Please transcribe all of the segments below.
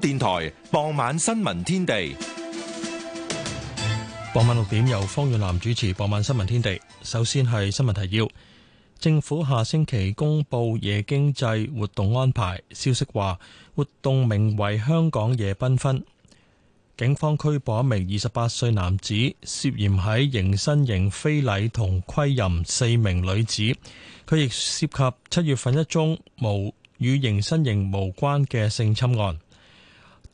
電台傍晚新聞天地，傍晚六點由方遠南主持。傍晚新聞天地，首先係新聞提要。政府下星期公布夜經濟活動安排，消息話活動名為《香港夜繽紛》。警方拘捕一名二十八歲男子，涉嫌喺迎新營非禮同窺淫四名女子。佢亦涉及七月份一宗無與迎新營無關嘅性侵案。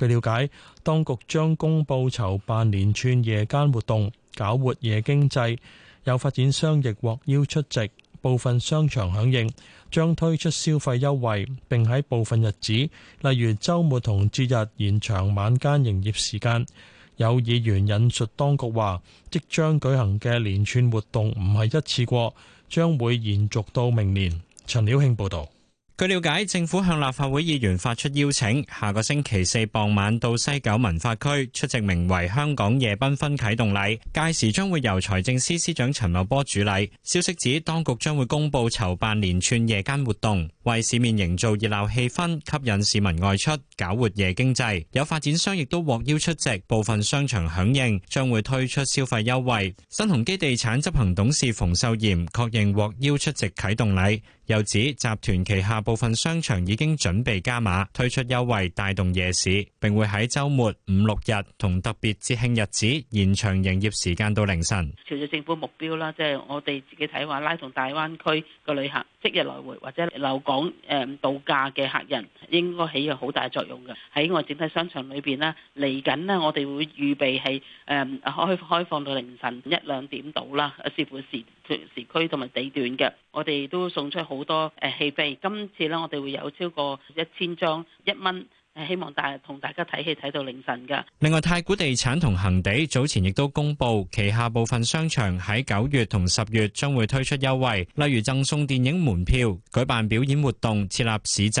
據了解，當局將公布籌辦連串夜間活動，搞活夜經濟。有發展商亦獲邀出席，部分商場響應，將推出消費優惠，並喺部分日子，例如周末同節日延長晚間營業時間。有議員引述當局話，即將舉行嘅連串活動唔係一次過，將會延續到明年。陳曉慶報道。據了解，政府向立法會議員發出邀請，下個星期四傍晚到西九文化區出席名為《香港夜繽紛》啟動禮，屆時將會由財政司司長陳茂波主禮。消息指，當局將會公布籌辦連串夜間活動，為市面營造熱鬧氣氛，吸引市民外出，搞活夜經濟。有發展商亦都獲邀出席，部分商場響應，將會推出消費優惠。新鴻基地產執行董事馮秀賢確認獲邀出席啟動禮。又指集團旗下部分商場已經準備加碼推出優惠，帶動夜市。並會喺週末五六日同特別節慶日子延長營業時間到凌晨。朝着政府目標啦，即係我哋自己睇話，拉動大灣區個旅客即日來回或者留港誒度假嘅客人，應該起好大作用嘅。喺我哋整體商場裏邊啦，嚟緊咧，我哋會預備係誒開開放到凌晨一兩點到啦，視乎時段時時區同埋地段嘅，我哋都送出好。好多誒戲票，今次咧我哋會有超過一千張一蚊，希望大同大家睇戲睇到凌晨㗎。另外，太古地產同恆地早前亦都公布旗下部分商場喺九月同十月將會推出優惠，例如贈送電影門票、舉辦表演活動、設立市集。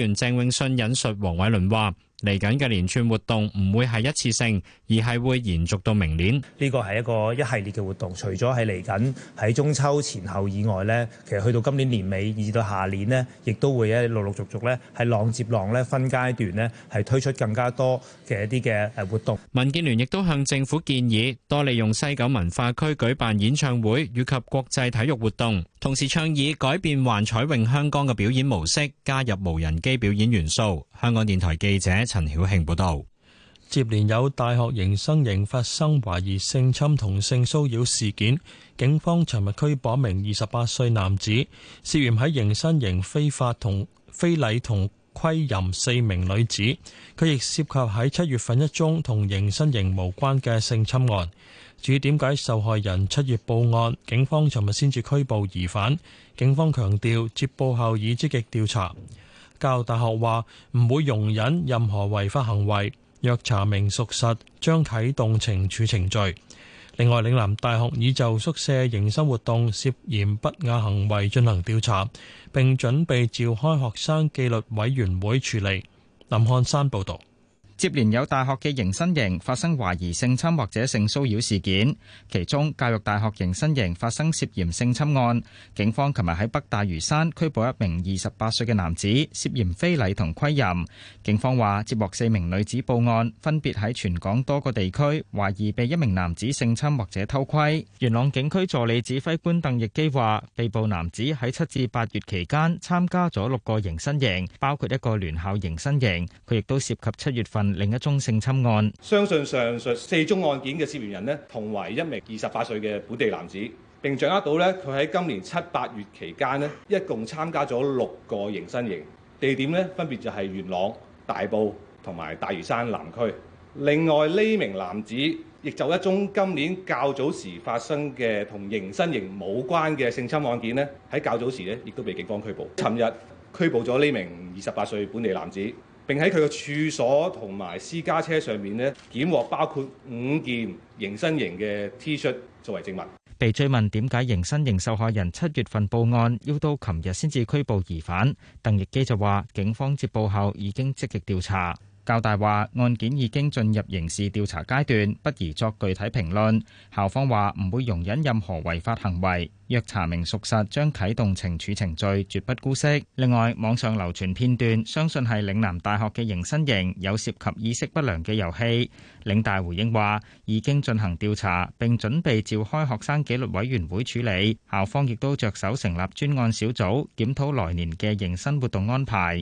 源鄭永信引述王偉倫話。嚟緊嘅連串活動唔會係一次性，而係會延續到明年。呢個係一個一系列嘅活動，除咗係嚟緊喺中秋前後以外咧，其實去到今年年尾，以至到下年咧，亦都會咧陸陸續續咧係浪接浪咧分階段咧係推出更加多嘅一啲嘅誒活動。民建聯亦都向政府建議多利用西九文化區舉辦演唱會以及國際體育活動，同時倡議改變幻彩詠香江嘅表演模式，加入無人機表演元素。香港電台記者。陳曉慶報道：接連有大學迎新營發生懷疑性侵同性騷擾事件，警方尋日拘捕一名二十八歲男子，涉嫌喺迎新營非法同非禮同窺淫四名女子。佢亦涉及喺七月份一宗同迎新營無關嘅性侵案。至於點解受害人七月報案，警方尋日先至拘捕疑犯？警方強調接報後已積極調查。教大學話唔會容忍任何違法行為，若查明屬實，將啟動懲處程序。另外，嶺南大學已就宿舍迎新活動涉嫌不雅行為進行調查，並準備召開學生紀律委員會處理。林漢山報道。接連有大學嘅迎新營發生懷疑性侵或者性騷擾事件，其中教育大學迎新營發生涉嫌性侵案。警方琴日喺北大嶼山拘捕一名二十八歲嘅男子，涉嫌非禮同窺淫。警方話接獲四名女子報案，分別喺全港多個地區，懷疑被一名男子性侵或者偷窺。元朗警區助理指揮官鄧逸基話：被捕男子喺七至八月期間參加咗六個迎新營，包括一個聯校迎新營，佢亦都涉及七月份。另一宗性侵案，相信上述四宗案件嘅涉嫌人呢同為一名二十八歲嘅本地男子，並掌握到咧，佢喺今年七八月期間呢一共參加咗六個行山營，地點呢分別就係元朗、大埔同埋大嶼山南區。另外呢名男子，亦就一宗今年較早時發生嘅同行山營冇關嘅性侵案件呢，喺較早時呢亦都被警方拘捕。尋日拘捕咗呢名二十八歲本地男子。並喺佢嘅住所同埋私家車上面咧，檢獲包括五件迎新營嘅 T 恤作為證物。被追問點解迎新營受害人七月份報案，要到琴日先至拘捕疑犯，鄧亦基就話警方接報後已經積極調查。教大話案件已經進入刑事調查階段，不宜作具體評論，校方話唔會容忍任何違法行為，若查明屬實將啟動懲處程序，絕不姑息。另外，網上流傳片段相信係嶺南大學嘅迎新營，營有涉及意識不良嘅遊戲，嶺大回應話已經進行調查，並準備召開學生紀律委員會處理。校方亦都着手成立專案小組檢討來年嘅迎新活動安排。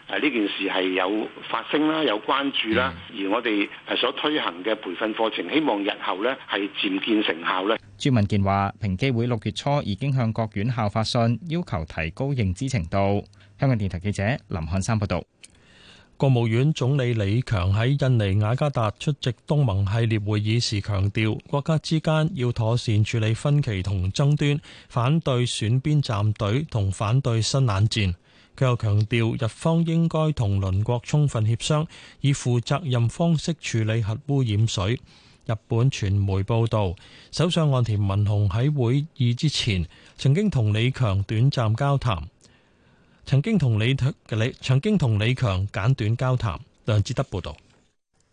係呢件事係有發聲啦，有關注啦，嗯、而我哋係所推行嘅培訓課程，希望日後咧係漸見成效呢。朱敏健話：平機會六月初已經向各院校發信，要求提高認知程度。香港電台記者林漢山報道。國務院總理李強喺印尼雅加達出席東盟系列會議時強調，國家之間要妥善處理分歧同爭端，反對選邊站隊同反對新冷戰。佢又強調，日方應該同鄰國充分協商，以負責任方式處理核污染水。日本傳媒報道，首相岸田文雄喺會議之前曾經同李強短暫交談，曾經同李，李，曾經同李強簡短交談。梁志德報道，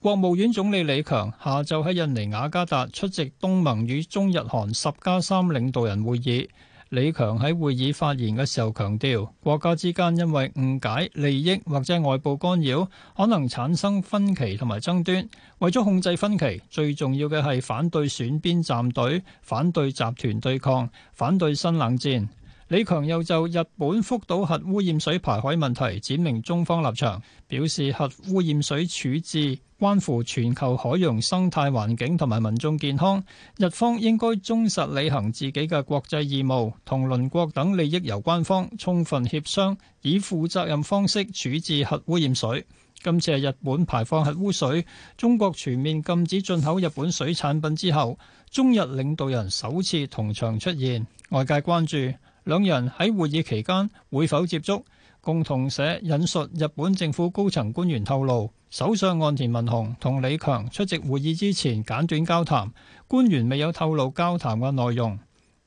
國務院總理李強下晝喺印尼雅加達出席東盟與中日韓十加三領導人會議。李強喺會議發言嘅時候強調，國家之間因為誤解、利益或者外部干擾，可能產生分歧同埋爭端。為咗控制分歧，最重要嘅係反對選邊站隊，反對集團對抗，反對新冷戰。李強又就日本福島核污染水排海問題闡明中方立場，表示核污染水處置。關乎全球海洋生態環境同埋民眾健康，日方應該忠實履行自己嘅國際義務，同鄰國等利益有關方充分協商，以負責任方式處置核污染水。今次係日本排放核污水，中國全面禁止進口日本水產品之後，中日領導人首次同場出現。外界關注，兩人喺會議期間會否接觸。共同社引述日本政府高層官員透露，首相岸田文雄同李強出席會議之前簡短交談，官員未有透露交談嘅內容。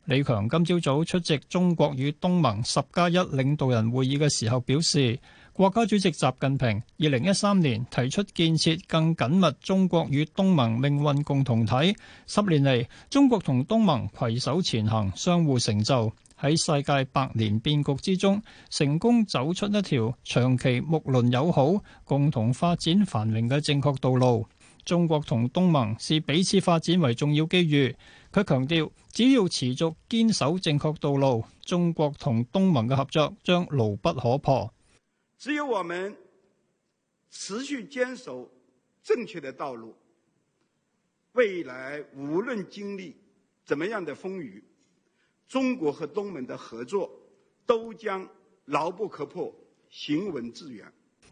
李強今朝早，早出席中國與東盟十加一領導人會議嘅時候表示，國家主席習近平二零一三年提出建設更緊密中國與東盟命運共同體，十年嚟中國同東盟攜手前行，相互成就。喺世界百年變局之中，成功走出一條長期睦鄰友好、共同發展繁榮嘅正確道路。中國同東盟視彼此發展為重要機遇。佢強調，只要持續堅守正確道路，中國同東盟嘅合作將牢不可破。只有我們持續堅守正確的道路，未來無論經歷怎麼樣的風雨，中國和東盟的合作，都將牢不可破，行穩致遠。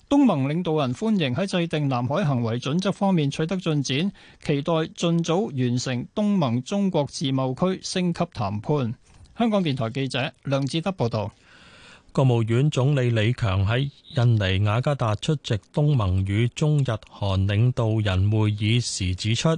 東盟領導人歡迎喺制定南海行為準則方面取得進展，期待盡早完成東盟中國自貿區升級談判。香港電台記者梁志德報道。國務院總理李強喺印尼雅加達出席東盟與中日韓領導人會議時指出。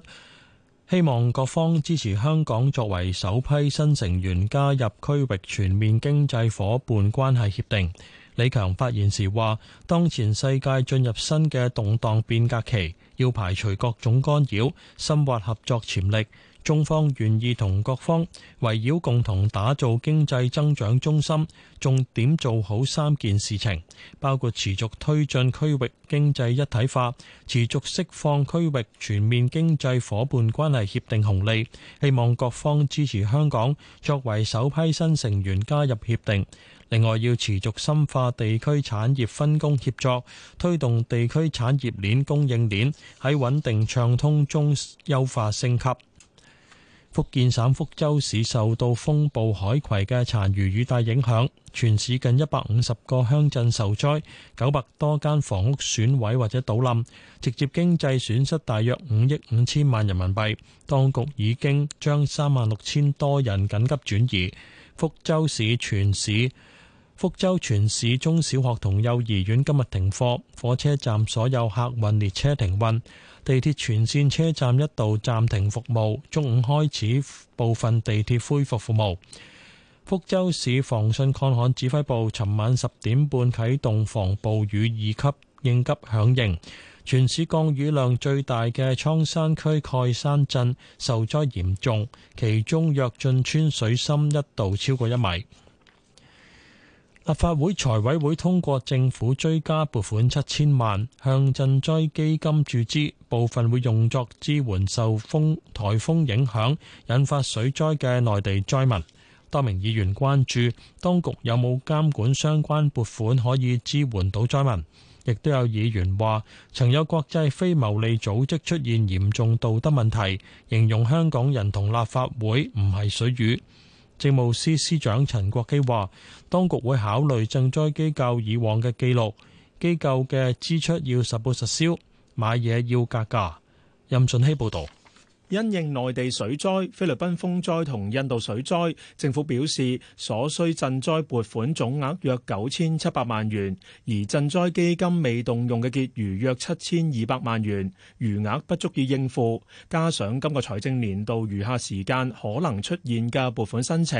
希望各方支持香港作為首批新成員加入區域全面經濟伙伴關係協定。李強發言時話，當前世界進入新嘅動盪變革期，要排除各種干擾，深挖合作潛力。中方願意同各方圍繞共同打造經濟增長中心，重點做好三件事情，包括持續推進區域經濟一體化，持續釋放區域全面經濟伙伴關係協定紅利，希望各方支持香港作為首批新成員加入協定。另外，要持續深化地區產業分工協作，推動地區產業鏈供應鏈喺穩定暢通中優化升級。福建省福州市受到風暴海葵嘅殘餘雨帶影響，全市近一百五十個鄉鎮受災，九百多間房屋損毀或者倒冧，直接經濟損失大約五億五千萬人民幣，當局已經將三萬六千多人緊急轉移。福州市全市。福州全市中小學同幼兒園今日停課，火車站所有客運列車停運，地鐵全線車站一度暫停服務。中午開始，部分地鐵恢復服務。福州市防汛抗旱指揮部尋晚十點半啟動防暴雨二級應急響應，全市降雨量最大嘅倉山區蓋山鎮受災嚴重，其中躍進村水深一度超過一米。立法會財委會通過政府追加撥款七千萬向賑災基金注資，部分會用作支援受風台風影響引發水災嘅內地災民。多名議員關注當局有冇監管相關撥款可以支援到災民，亦都有議員話曾有國際非牟利組織出現嚴重道德問題，形容香港人同立法會唔係水魚。政務司司長陳國基話，當局會考慮賑災機構以往嘅記錄，機構嘅支出要實報實銷，買嘢要格價。任俊熙報道。因應內地水災、菲律賓風災同印度水災，政府表示所需賑災撥款總額約九千七百萬元，而賑災基金未動用嘅結餘約七千二百萬元，餘額不足以應付。加上今個財政年度餘下時間可能出現嘅撥款申請，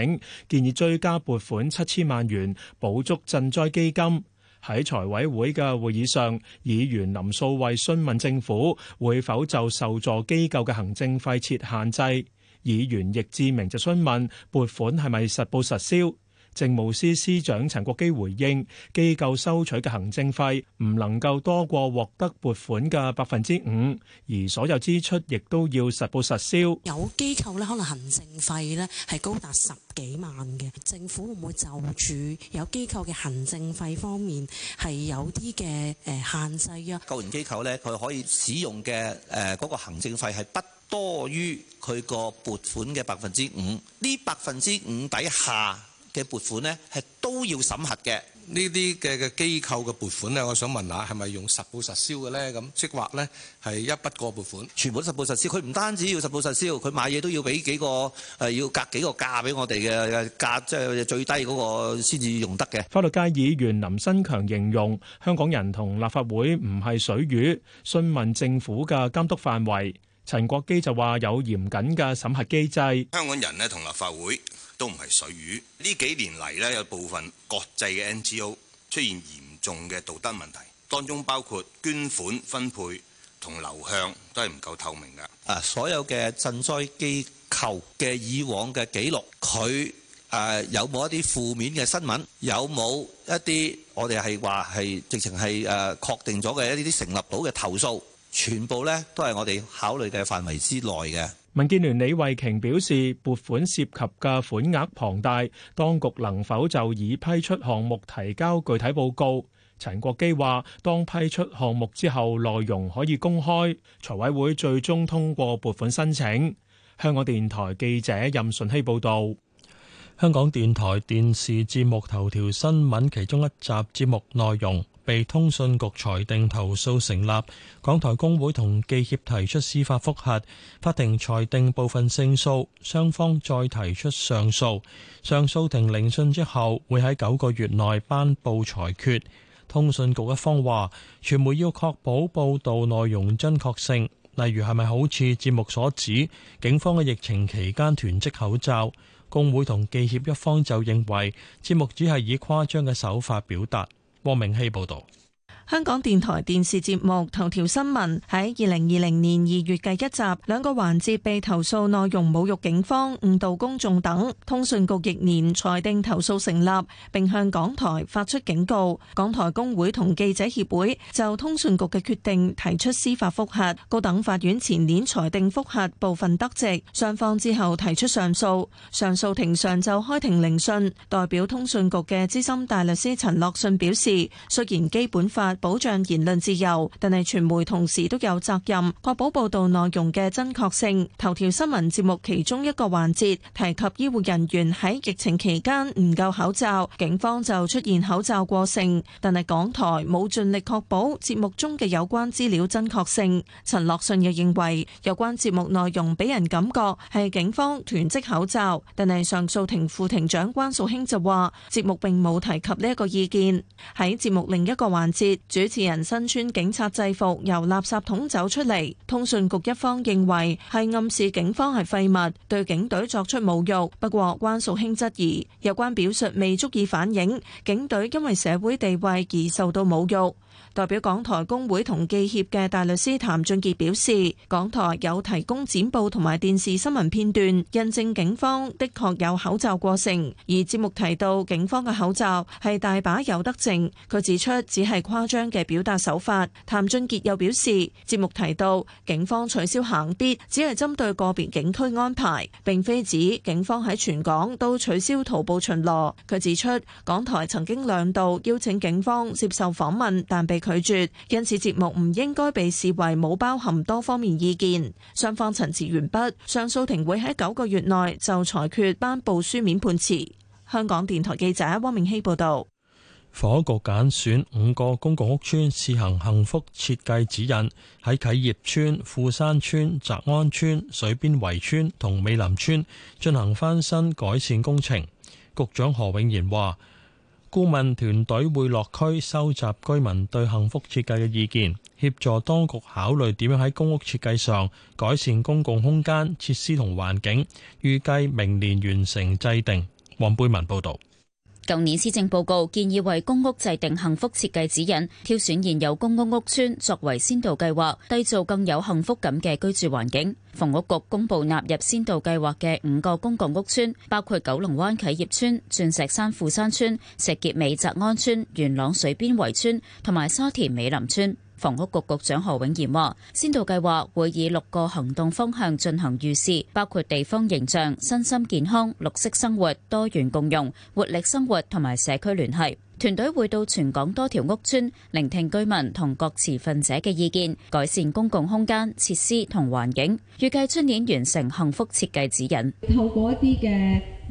建議追加撥款七千萬元，補足賑災基金。喺財委會嘅會議上，議員林素慧詢問政府會否就受助機構嘅行政費設限制。議員易志明就詢問撥款係咪實報實銷。政務司司長陳國基回應：機構收取嘅行政費唔能夠多過獲得撥款嘅百分之五，而所有支出亦都要實報實銷。有機構咧，可能行政費咧，係高達十幾萬嘅。政府會唔會就住有機構嘅行政費方面係有啲嘅誒限制？啊，救援機構咧，佢可以使用嘅誒嗰個行政費係不多於佢個撥款嘅百分之五。呢百分之五底下。嘅撥款呢，係都要審核嘅。呢啲嘅嘅機構嘅撥款呢，我想問下，係咪用實報實銷嘅呢？咁即或呢係一筆過撥款？全部實報實銷，佢唔單止要實報實銷，佢買嘢都要俾幾個誒，要隔幾個價俾我哋嘅價，即係最低嗰個先至用得嘅。法律界議員林新強形容香港人同立法會唔係水魚，詢問政府嘅監督範圍。陳國基就話有嚴謹嘅審核機制。香港人呢同立法會，都唔係水魚。呢幾年嚟咧，有部分國際嘅 NGO 出現嚴重嘅道德問題，當中包括捐款分配同流向都係唔夠透明嘅啊，所有嘅賑災機構嘅以往嘅記錄，佢誒、呃、有冇一啲負面嘅新聞，有冇一啲我哋係話係直情係誒確定咗嘅一啲啲成立到嘅投訴全部咧，都係我哋考慮嘅範圍之內嘅。民建聯李慧瓊表示撥款涉及嘅款額龐大，當局能否就已批出項目提交具體報告？陳國基話，當批出項目之後，內容可以公開。財委會最終通過撥款申請。香港電台記者任順希報道。香港電台電視節目頭條新聞，其中一集節目內容。被通訊局裁定投訴成立，港台工會同記協提出司法覆核，法庭裁定部分勝訴，雙方再提出上訴。上訴庭聆訊之後，會喺九個月內頒布裁決。通訊局一方話，傳媒要確保報道內容真確性，例如係咪好似節目所指，警方嘅疫情期間囤積口罩。工會同記協一方就認為節目只係以誇張嘅手法表達。汪明熙報道。香港電台電視節目《頭條新聞》喺二零二零年二月嘅一集，兩個環節被投訴內容侮辱警方、誤導公眾等。通訊局翌年裁定投訴成立，並向港台發出警告。港台工會同記者協會就通訊局嘅決定提出司法覆核。高等法院前年裁定覆核部分得直，上訪之後提出上訴。上訴庭上就開庭聆訊。代表通訊局嘅資深大律師陳樂信表示，雖然基本法保障言論自由，但係傳媒同時都有責任確保報道內容嘅真確性。頭條新聞節目其中一個環節提及醫護人員喺疫情期間唔夠口罩，警方就出現口罩過剩，但係港台冇盡力確保節目中嘅有關資料真確性。陳樂信又認為有關節目內容俾人感覺係警方囤積口罩，但係上訴庭副庭長關淑馨就話節目並冇提及呢一個意見。喺節目另一個環節，主持人身穿警察制服，由垃圾桶走出嚟。通訊局一方認為係暗示警方係廢物，對警隊作出侮辱。不過關淑卿質疑有關表述未足以反映警隊因為社會地位而受到侮辱。代表港台工會同記協嘅大律師譚俊傑表示，港台有提供剪報同埋電視新聞片段，印證警方的確有口罩過剩，而節目提到警方嘅口罩係大把有得剩，佢指出只係誇張嘅表達手法。譚俊傑又表示，節目提到警方取消行咇只係針對個別警區安排，並非指警方喺全港都取消徒步巡邏。佢指出，港台曾經兩度邀請警方接受訪問，但被拒絕，因此節目唔應該被視為冇包含多方面意見。雙方陳詞完畢，上訴庭會喺九個月內就裁決頒布書面判詞，香港電台記者汪明希報道。房屋局揀選五個公共屋邨試行幸福設計指引，喺啟業邨、富山邨、澤安邨、水邊圍邨同美林邨進行翻新改善工程。局長何永賢話。顧問團隊會落區收集居民對幸福設計嘅意見，協助當局考慮點樣喺公屋設計上改善公共空間設施同環境，預計明年完成制定。黃貝文報導。舊年施政報告建議為公屋制定幸福設計指引，挑選現有公屋屋邨作為先導計劃，締造更有幸福感嘅居住環境。房屋局公布納入先導計劃嘅五個公共屋邨，包括九龍灣啟業邨、鑽石山富山邨、石硤尾澤安邨、元朗水邊圍邨同埋沙田美林邨。房屋局局長何永賢話：先導計劃會以六個行動方向進行預示，包括地方形象、身心健康、綠色生活、多元共融、活力生活同埋社區聯繫。團隊會到全港多條屋邨聆聽居民同各持份者嘅意見，改善公共空間設施同環境。預計今年完成幸福設計指引，透過一啲嘅。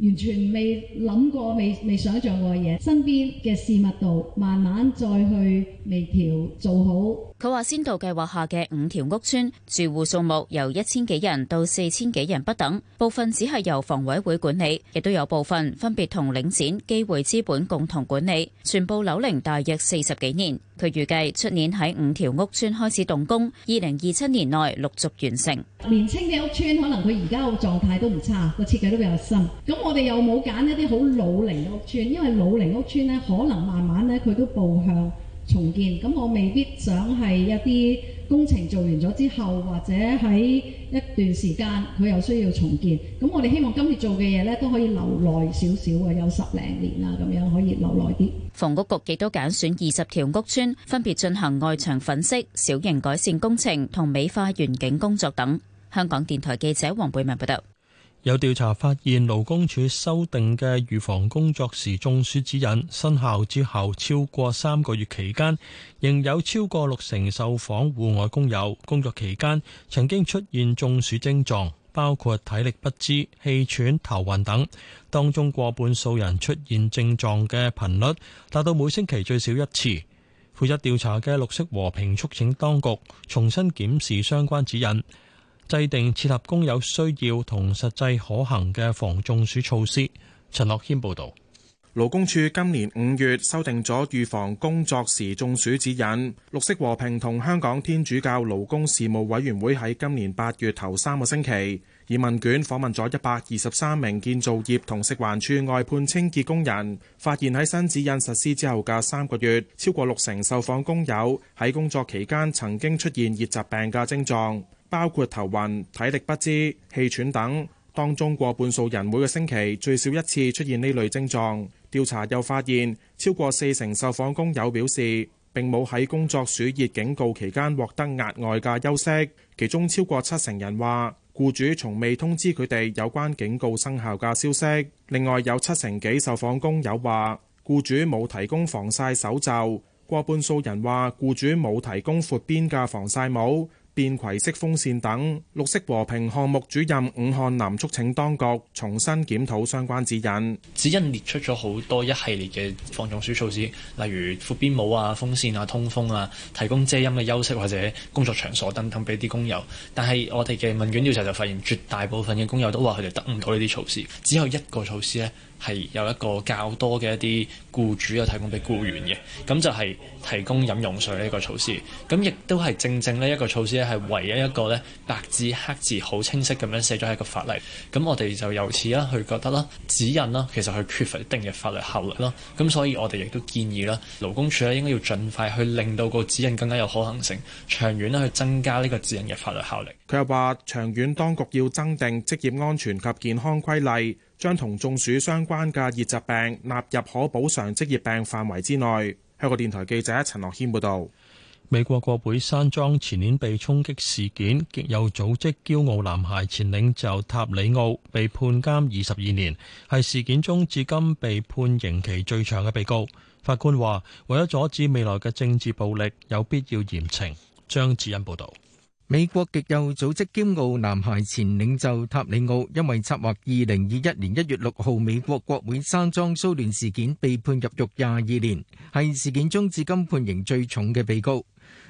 完全未諗過，未未想象過嘅嘢，身邊嘅事物度慢慢再去微調做好。佢話先導計劃下嘅五條屋邨住戶數目由一千幾人到四千幾人不等，部分只係由房委會管理，亦都有部分分別同領展、機會資本共同管理，全部樓齡大約四十幾年。佢預計出年喺五條屋邨開始動工，二零二七年內陸續完成。年青嘅屋邨可能佢而家個狀態都唔差，個設計都比較新。咁我哋又冇揀一啲好老齡屋村，因為老齡屋村咧，可能慢慢咧佢都步向重建。咁我未必想係一啲工程做完咗之後，或者喺一段時間佢又需要重建。咁我哋希望今次做嘅嘢咧都可以留耐少少啊，有十零年啦，咁樣可以留耐啲。房屋局亦都揀選二十條屋村，分別進行外牆粉飾、小型改善工程同美化園景工作等。香港電台記者黃貝文報道。有調查發現，勞工處修訂嘅預防工作時中暑指引生效之後，超過三個月期間，仍有超過六成受訪戶外工友工作期間曾經出現中暑症狀，包括體力不支、氣喘、頭暈等。當中過半數人出現症狀嘅頻率達到每星期最少一次。負責調查嘅綠色和平促請當局重新檢視相關指引。制定切合工友需要同實際可行嘅防中暑措施。陳樂謙報道，勞工處今年五月修訂咗預防工作時中暑指引。綠色和平同香港天主教勞工事務委員會喺今年八月頭三個星期以問卷訪問咗一百二十三名建造業同食環署外判清潔工人，發現喺新指引實施之後嘅三個月，超過六成受訪工友喺工作期間曾經出現熱疾病嘅症狀。包括頭暈、體力不支、氣喘等，當中過半數人每個星期最少一次出現呢類症狀。調查又發現，超過四成受訪工友表示並冇喺工作暑熱警告期間獲得額外嘅休息，其中超過七成人話雇主從未通知佢哋有關警告生效嘅消息。另外有七成幾受訪工友話雇主冇提供防曬手袖，過半數人話雇主冇提供闊邊嘅防曬帽。便攜式風扇等。綠色和平項目主任伍漢南促請當局重新檢討相關指引，指引列出咗好多一系列嘅防中暑措施，例如闊邊帽啊、風扇啊、通風啊、提供遮陰嘅休息或者工作場所等等俾啲工友。但係我哋嘅問卷調查就發現，絕大部分嘅工友都話佢哋得唔到呢啲措施，只有一個措施呢。係有一個較多嘅一啲僱主有提供俾僱員嘅，咁就係提供飲用水呢一個措施。咁亦都係正正呢一個措施咧，係唯一一個咧白字黑字好清晰咁樣寫咗喺個法例。咁我哋就由此啦，去覺得啦指引啦，其實係缺乏一定嘅法律效力咯。咁所以我哋亦都建議啦，勞工處咧應該要盡快去令到個指引更加有可行性，長遠呢去增加呢個指引嘅法律效力。佢又話長遠當局要增訂職業安全及健康規例。將同中暑相關嘅熱疾病納入可補償職業病範圍之內。香港電台記者陳樂謙報道。美國國會山莊前年被衝擊事件，極右組織驕傲男孩前領袖塔里奧被判監二十二年，係事件中至今被判刑期最長嘅被告。法官話，為咗阻止未來嘅政治暴力，有必要嚴懲。張子恩報道。美國極右組織驕傲男孩前領袖塔里奧，因為策劃二零二一年一月六號美國國會山莊騷亂事件，被判入獄廿二年，係事件中至今判刑最重嘅被告。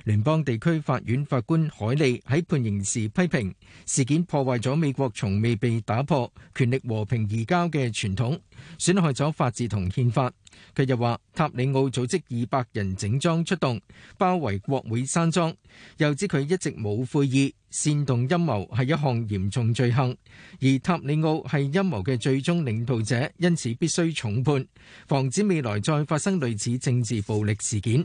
聯邦地區法院法官海利喺判刑時批評事件破壞咗美國從未被打破權力和平移交嘅傳統，損害咗法治同憲法。佢又話塔里奧組織二百人整裝出動包圍國會山莊，又指佢一直冇悔意，煽動陰謀係一項嚴重罪行，而塔里奧係陰謀嘅最終領導者，因此必須重判，防止未來再發生類似政治暴力事件。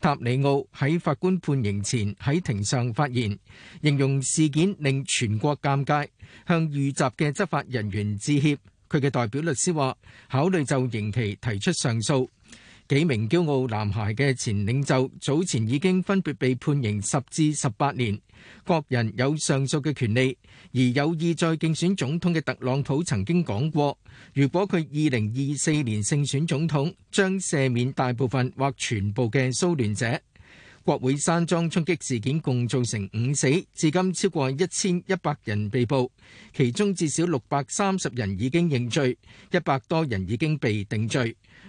塔里奧喺法官判刑前喺庭上發言，形容事件令全國尷尬，向遇襲嘅執法人員致歉。佢嘅代表律師話，考慮就刑期提出上訴。幾名驕傲男孩嘅前領袖早前已經分別被判刑十至十八年。各人有上訴嘅權利。而有意再競選總統嘅特朗普曾經講過，如果佢二零二四年勝選總統，將赦免大部分或全部嘅蘇聯者。國會山莊衝擊事件共造成五死，至今超過一千一百人被捕，其中至少六百三十人已經認罪，一百多人已經被定罪。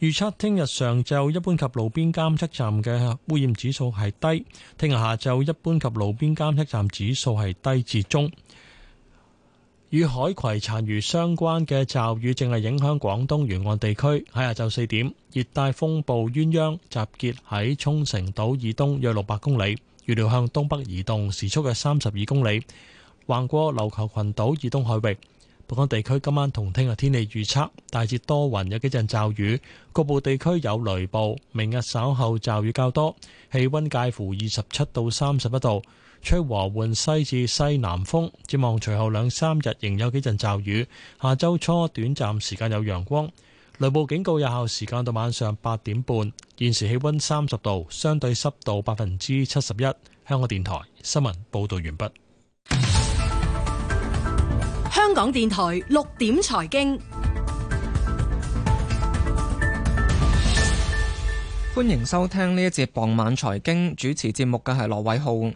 預測聽日上晝一般及路邊監測站嘅污染指數係低，聽日下晝一般及路邊監測站指數係低至中。與海葵殘餘相關嘅驟雨，正係影響廣東沿岸地區。喺下晝四點，熱帶風暴鴛鴦集結喺沖繩島以東約六百公里，預料向東北移動，時速嘅三十二公里，橫過琉球群島以東海域。本港地區今晚同聽日天氣預測，大致多雲，有幾陣驟雨，局部地區有雷暴。明日稍後驟雨較多，氣溫介乎二十七到三十一度，吹和緩西至西南風。展望隨後兩三日仍有幾陣驟雨，下周初短暫時間有陽光。雷暴警告有效時間到晚上八點半。現時氣溫三十度，相對濕度百分之七十一。香港電台新聞報道完畢。香港電台六點財經，歡迎收聽呢一節傍晚財經，主持節目嘅係羅偉浩。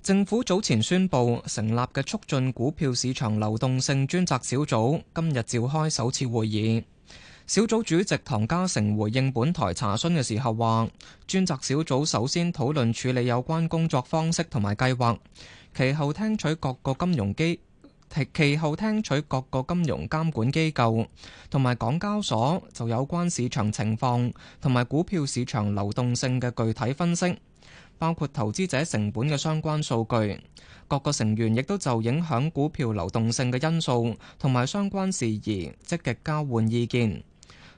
政府早前宣布成立嘅促進股票市場流動性專責小組，今日召開首次會議。小組主席唐家成回應本台查詢嘅時候話：專責小組首先討論處理有關工作方式同埋計劃，其後聽取各個金融機其後聽取各個金融監管機構同埋港交所就有關市場情況同埋股票市場流動性嘅具體分析，包括投資者成本嘅相關數據。各個成員亦都就影響股票流動性嘅因素同埋相關事宜積極交換意見。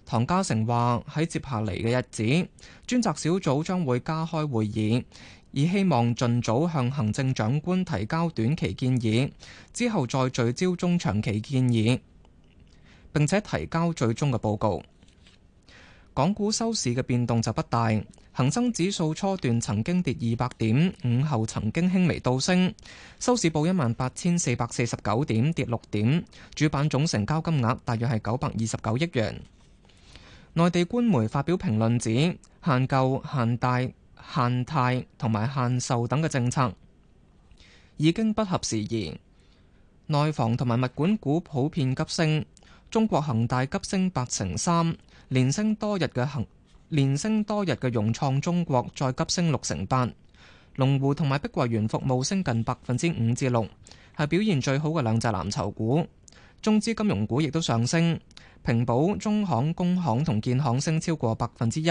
唐家成話：喺接下嚟嘅日子，專責小組將會加開會議。以希望盡早向行政長官提交短期建議，之後再聚焦中長期建議，並且提交最終嘅報告。港股收市嘅變動就不大，恒生指數初段曾經跌二百點，午後曾經輕微倒升，收市報一萬八千四百四十九點，跌六點。主板總成交金額大約係九百二十九億元。內地官媒發表評論指，限購、限貸、限貸同埋限售等嘅政策已經不合時宜，內房同埋物管股普遍急升，中國恒大急升八成三，連升多日嘅恒連升多日嘅融創中國再急升六成八，龍湖同埋碧桂園服務升近百分之五至六，係表現最好嘅兩隻藍籌股。中資金融股亦都上升，平保、中行、工行同建行升超過百分之一。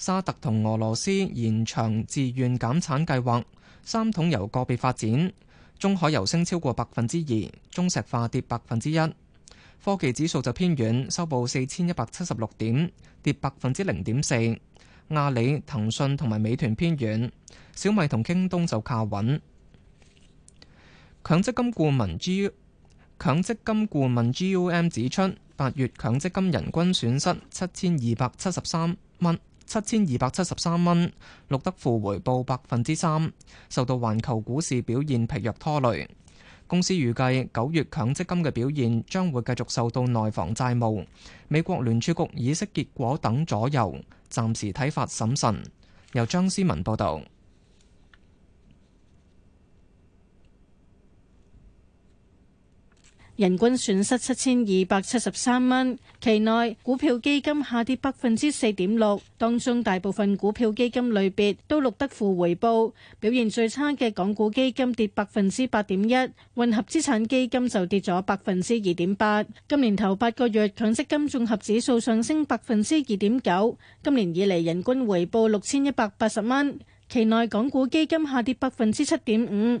沙特同俄羅斯延長自願減產計劃，三桶油個別發展，中海油升超過百分之二，中石化跌百分之一。科技指數就偏軟，收報四千一百七十六點，跌百分之零點四。阿里、騰訊同埋美團偏軟，小米同京東就靠穩。強積金顧問 G 強積金顧問 G.U.M 指出，八月強積金人均損失七千二百七十三蚊。七千二百七十三蚊，錄得負回報百分之三，受到環球股市表現疲弱拖累。公司預計九月強積金嘅表現將會繼續受到內房債務、美國聯儲局議息結果等左右，暫時睇法審慎。由張思文報道。人均損失七千二百七十三蚊，期內股票基金下跌百分之四點六，當中大部分股票基金類別都錄得負回報，表現最差嘅港股基金跌百分之八點一，混合資產基金就跌咗百分之二點八。今年頭八個月強積金綜合指數上升百分之二點九，今年以嚟人均回報六千一百八十蚊，期內港股基金下跌百分之七點五。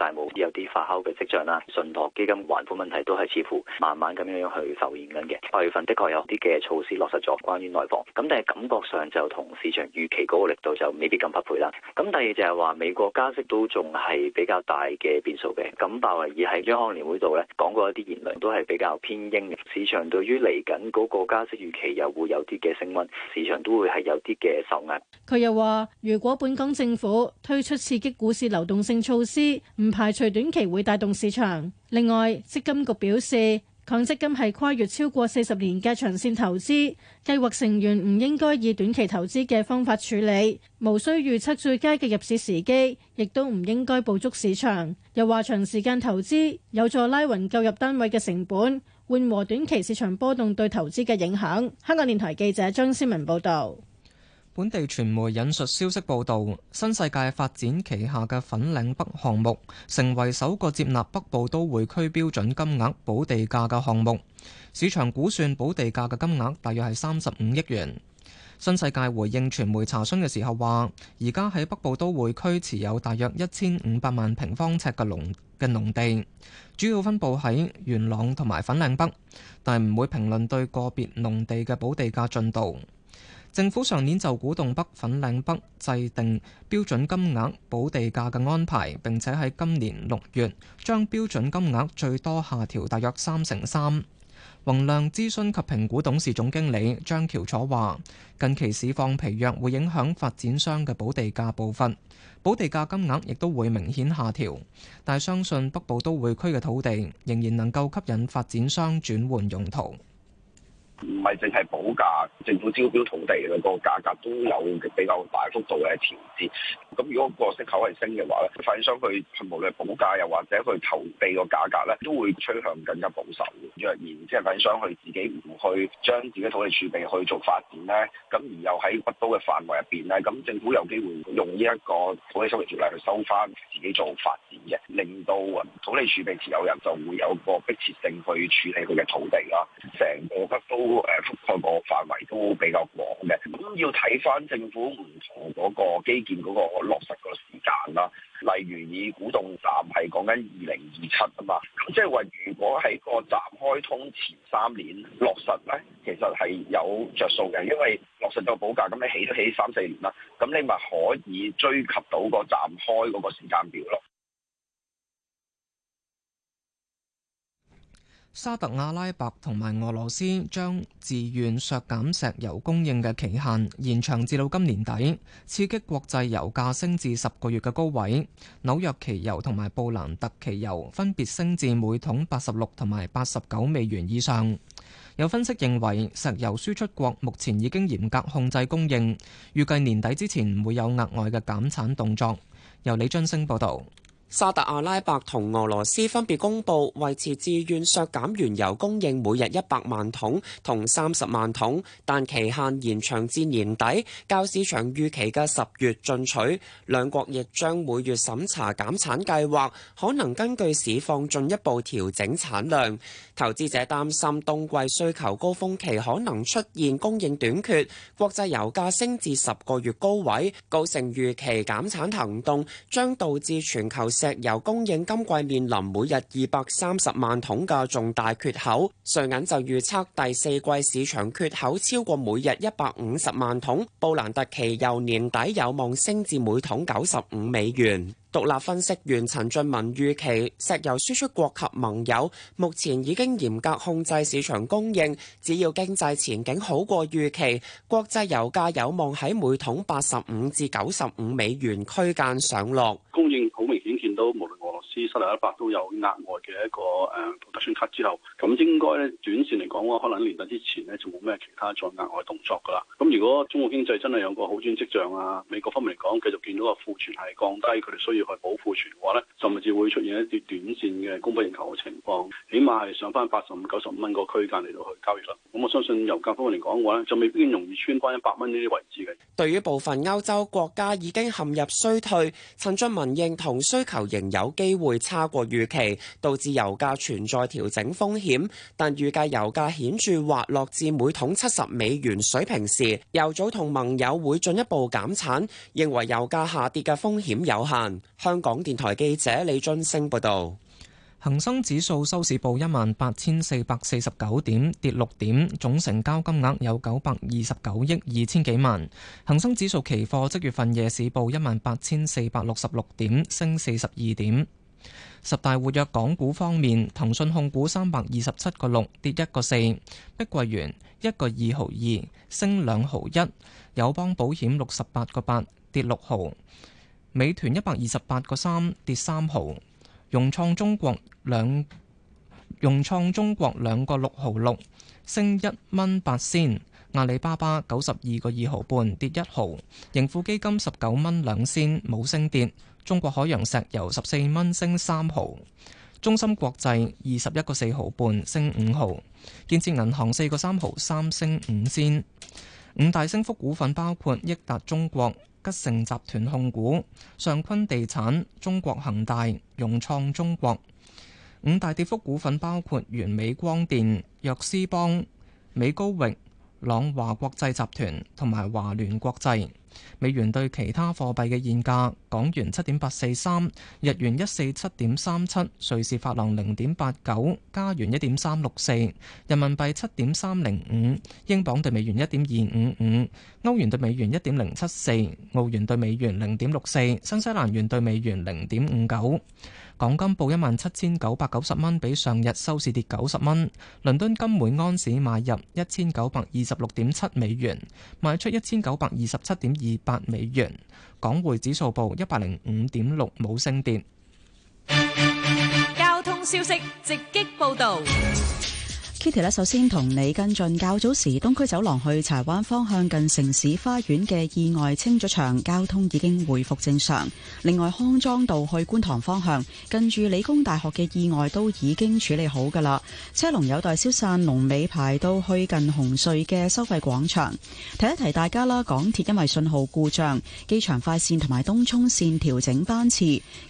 債務有啲發酵嘅跡象啦，信託基金還款問題都係似乎慢慢咁樣樣去浮現緊嘅。八月份的確有啲嘅措施落實咗關於內房，咁但係感覺上就同市場預期嗰個力度就未必咁匹配啦。咁第二就係話美國加息都仲係比較大嘅變數嘅。咁鮑威爾喺央行年會度咧講過一啲言論都係比較偏鷹嘅。市場對於嚟緊嗰個加息預期又會有啲嘅升溫，市場都會係有啲嘅受壓，佢又話如果本港政府推出刺激股市流動性措施，排除短期會帶動市場。另外，積金局表示，強積金係跨越超過四十年嘅長線投資計劃，成員唔應該以短期投資嘅方法處理，無需預測最佳嘅入市時機，亦都唔應該捕捉市場。又話長時間投資有助拉勻購入單位嘅成本，緩和短期市場波動對投資嘅影響。香港電台記者張思文報道。本地傳媒引述消息報道，新世界發展旗下嘅粉嶺北項目成為首個接納北部都會區標準金額補地價嘅項目。市場估算補地價嘅金額大約係三十五億元。新世界回應傳媒查詢嘅時候話，而家喺北部都會區持有大約一千五百萬平方尺嘅農嘅農地，主要分布喺元朗同埋粉嶺北，但唔會評論對個別農地嘅補地價進度。政府上年就古洞北粉嶺北制定標準金額補地價嘅安排，並且喺今年六月將標準金額最多下調大約三成三。宏亮諮詢及評估董事總經理張喬楚話：近期市況疲弱會影響發展商嘅補地價部分，補地價金額亦都會明顯下調。但相信北部都會區嘅土地仍然能夠吸引發展商轉換用途。唔係淨係補價，政府招標土地嘅個價格都有比較大幅度嘅調節。咁如果個息口係升嘅話咧，發展商去無論係補價又或者佢投地個價格咧，都會趨向更加保守。若然即係發展商去自己唔去將自己土地儲備去做發展咧，咁而又喺北都嘅範圍入邊咧，咁政府有機會用呢一個土地收益條例去收翻自己做發展嘅，令到土地儲備持有人就會有個迫切性去處理佢嘅土地啦。成個北都。誒覆蓋個範圍都比較廣嘅，咁要睇翻政府唔同嗰個基建嗰個落實個時間啦。例如以古洞站係講緊二零二七啊嘛，咁即係話如果喺個站開通前三年落實咧，其實係有着數嘅，因為落實到保價，咁你起都起三四年啦，咁你咪可以追及到個站開嗰個時間表咯。沙特阿拉伯同埋俄羅斯將自願削減石油供應嘅期限延長至到今年底，刺激國際油價升至十個月嘅高位。紐約期油同埋布蘭特期油分別升至每桶八十六同埋八十九美元以上。有分析認為石油輸出國目前已經嚴格控制供應，預計年底之前唔會有額外嘅減產動作。由李津升報道。沙特阿拉伯同俄羅斯分別公布維持自願削減原油供應每日一百萬桶同三十萬桶，但期限延長至年底，較市場預期嘅十月進取。兩國亦將每月審查減產計劃，可能根據市況進一步調整產量。投資者擔心冬季需求高峰期可能出現供應短缺，國際油價升至十個月高位，高盛預期減產行動將導致全球石油供應今季面臨每日二百三十萬桶嘅重大缺口。瑞銀就預測第四季市場缺口超過每日一百五十萬桶，布蘭特期油年底有望升至每桶九十五美元。獨立分析員陳俊文預期，石油輸出國及盟友目前已經嚴格控制市場供應，只要經濟前景好過預期，國際油價有望喺每桶八十五至九十五美元區間上落。供應好明顯見到。失一百都有額外嘅一個誒特選卡之後，咁應該咧短線嚟講嘅話，可能年底之前咧就冇咩其他再額外動作㗎喇。咁如果中國經濟真係有個好轉跡象啊，美國方面嚟講繼續見到個庫存係降低，佢哋需要去補庫存嘅話咧，甚至會出現一啲短線嘅供不應求嘅情況。起碼係上返八十五、九十五蚊個區間嚟到去交易啦。咁我相信油價方面嚟講嘅話咧，就未必容易穿返一百蚊呢啲位置嘅。對於部分歐洲國家已經陷入衰退，陳俊文認同需求仍有機會。會差過預期，導致油價存在調整風險。但預計油價顯著滑落至每桶七十美元水平時，油組同盟友會進一步減產，認為油價下跌嘅風險有限。香港電台記者李津升報道。恒生指數收市報一萬八千四百四十九點，跌六點，總成交金額有九百二十九億二千幾萬。恒生指數期貨即月份夜市報一萬八千四百六十六點，升四十二點。十大活躍港股方面，騰訊控股三百二十七個六，跌一個四，碧桂園一個二毫二升兩毫一，友邦保險六十八個八跌六毫，美團一百二十八個三跌三毫，融創中國兩融創中國兩個六毫六升一蚊八仙。阿里巴巴九十二個二毫半跌一毫，盈富基金十九蚊兩仙冇升跌。中國海洋石油十四蚊升三毫，中芯國際二十一個四毫半升五毫，建設銀行四個三毫三升五仙。五大升幅股份包括益達中國、吉盛集團控股、上坤地產、中國恒大、融創中國。五大跌幅股份包括完美光電、若斯邦、美高域、朗華國際集團同埋華聯國際。美元對其他貨幣嘅現價：港元七點八四三，日元一四七點三七，瑞士法郎零點八九，加元一點三六四，人民幣七點三零五，英鎊對美元一點二五五，歐元對美元一點零七四，澳元對美元零點六四，新西蘭元對美元零點五九。港金報一萬七千九百九十蚊，比上日收市跌九十蚊。倫敦金每盎司買入一千九百二十六點七美元，賣出一千九百二十七點二八美元。港匯指數報一百零五點六，冇升跌。交通消息直擊報道。Kitty 咧，首先同你跟進較早時東區走廊去柴灣方向近城市花園嘅意外清咗場，交通已經恢復正常。另外康莊道去觀塘方向近住理工大學嘅意外都已經處理好噶啦，車龍有待消散。龍尾排到去近紅隧嘅收費廣場。提一提大家啦，港鐵因為信號故障，機場快綫同埋東涌綫調整班次。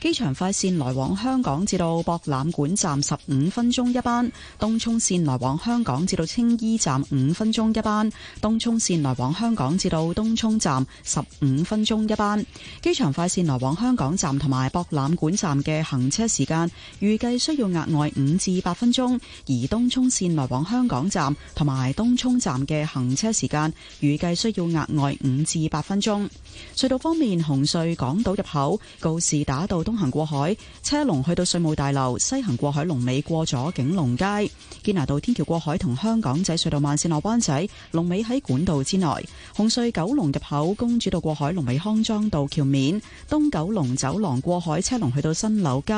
機場快綫來往香港至到博覽館站十五分鐘一班，東涌綫來。往香港至到青衣站五分鐘一班，東涌綫來往香港至到東涌站十五分鐘一班。機場快綫來往香港站同埋博覽館站嘅行車時間預計需要額外五至八分鐘，而東涌綫來往香港站同埋東涌站嘅行車時間預計需要額外五至八分鐘。隧道方面，紅隧港島入口告士打道東行過海，車龍去到稅務大樓西行過海龍尾過咗景隆街，堅拿道橋過海同香港仔隧道慢線落灣仔龍尾喺管道之內，紅隧九龍入口公主道過海龍尾康莊道橋面，東九龍走廊過海車龍去到新樓街，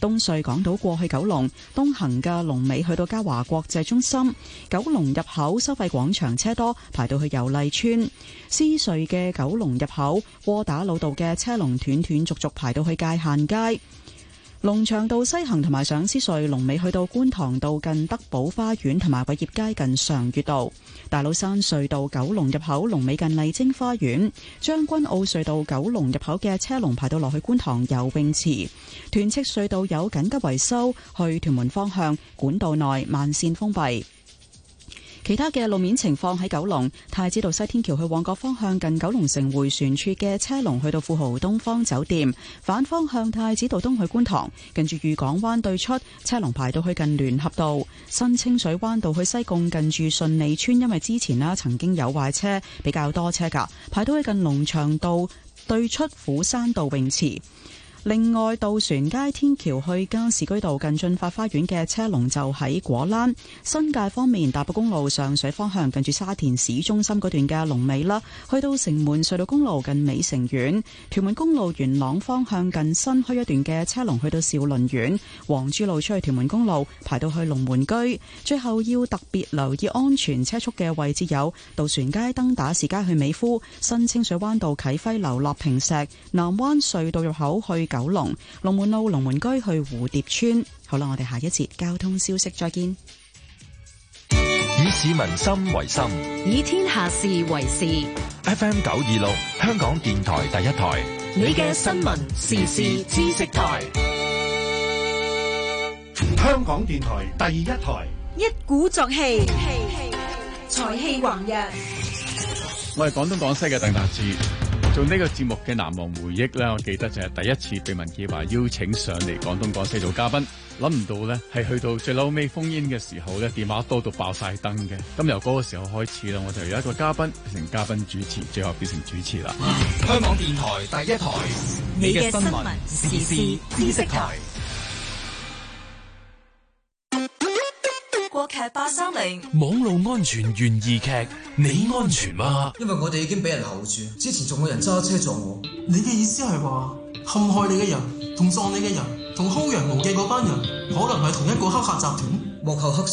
東隧港島過去九龍東行嘅龍尾去到嘉華國際中心，九龍入口收費廣場車多排到去油麗邨，獅隧嘅九龍入口窩打老道嘅車龍斷斷續續排到去界限街。龍翔道西行同埋上獅隧龍尾去到觀塘道近德寶花園，同埋偉業街近上月道；大老山隧道九龍入口龍尾近麗晶花園；將軍澳隧道九龍入口嘅車龍排到落去觀塘游泳池；屯赤隧道有緊急維修，去屯門方向管道內慢線封閉。其他嘅路面情況喺九龍太子道西天橋去旺角方向，近九龍城迴旋處嘅車龍去到富豪東方酒店；反方向太子道東去觀塘，近住御港灣對出車龍排到去近聯合道；新清水灣道去西貢，近住順利邨，因為之前啦，曾經有壞車，比較多車㗎，排到去近龍翔道對出虎山道泳池。另外，渡船街天橋去加士居道近進發花園嘅車龍就喺果欄。新界方面，大埔公路上水方向近住沙田市中心嗰段嘅龍尾啦，去到城門隧道公路近美城苑、屯門公路元朗方向近新墟一段嘅車龍去到兆麟苑、黃珠路出去屯門公路排到去龍門居。最後要特別留意安全車速嘅位置有：渡船街登打士街去美孚、新清水灣道啟輝樓落坪石、南灣隧道入口去。九龍龍門路龍門居去蝴蝶村，好啦，我哋下一節交通消息再見。以市民心為心，以天下事為事。FM 九二六，香港電台第一台，你嘅新聞時事知識台，香港電台第一台，一鼓作氣，氣氣，財氣橫溢。我係廣東廣西嘅鄧達志。做呢個節目嘅難忘回憶咧，我記得就係第一次被文建華邀請上嚟廣東廣西做嘉賓，諗唔到咧係去到最嬲尾封煙嘅時候咧，電話多到爆晒燈嘅。咁、嗯、由嗰個時候開始啦，我就由一個嘉賓變成嘉賓主持，最後變成主持啦、啊。香港電台第一台，你嘅新聞時事知識台。國劇八三零，網絡安全懸疑劇，你安全嗎、啊？因為我哋已經俾人留住，之前仲有人揸車撞我。你嘅意思係話，陷害你嘅人，同撞你嘅人，同薅羊毛嘅班人，可能係同一個黑客集團。幕後黑手。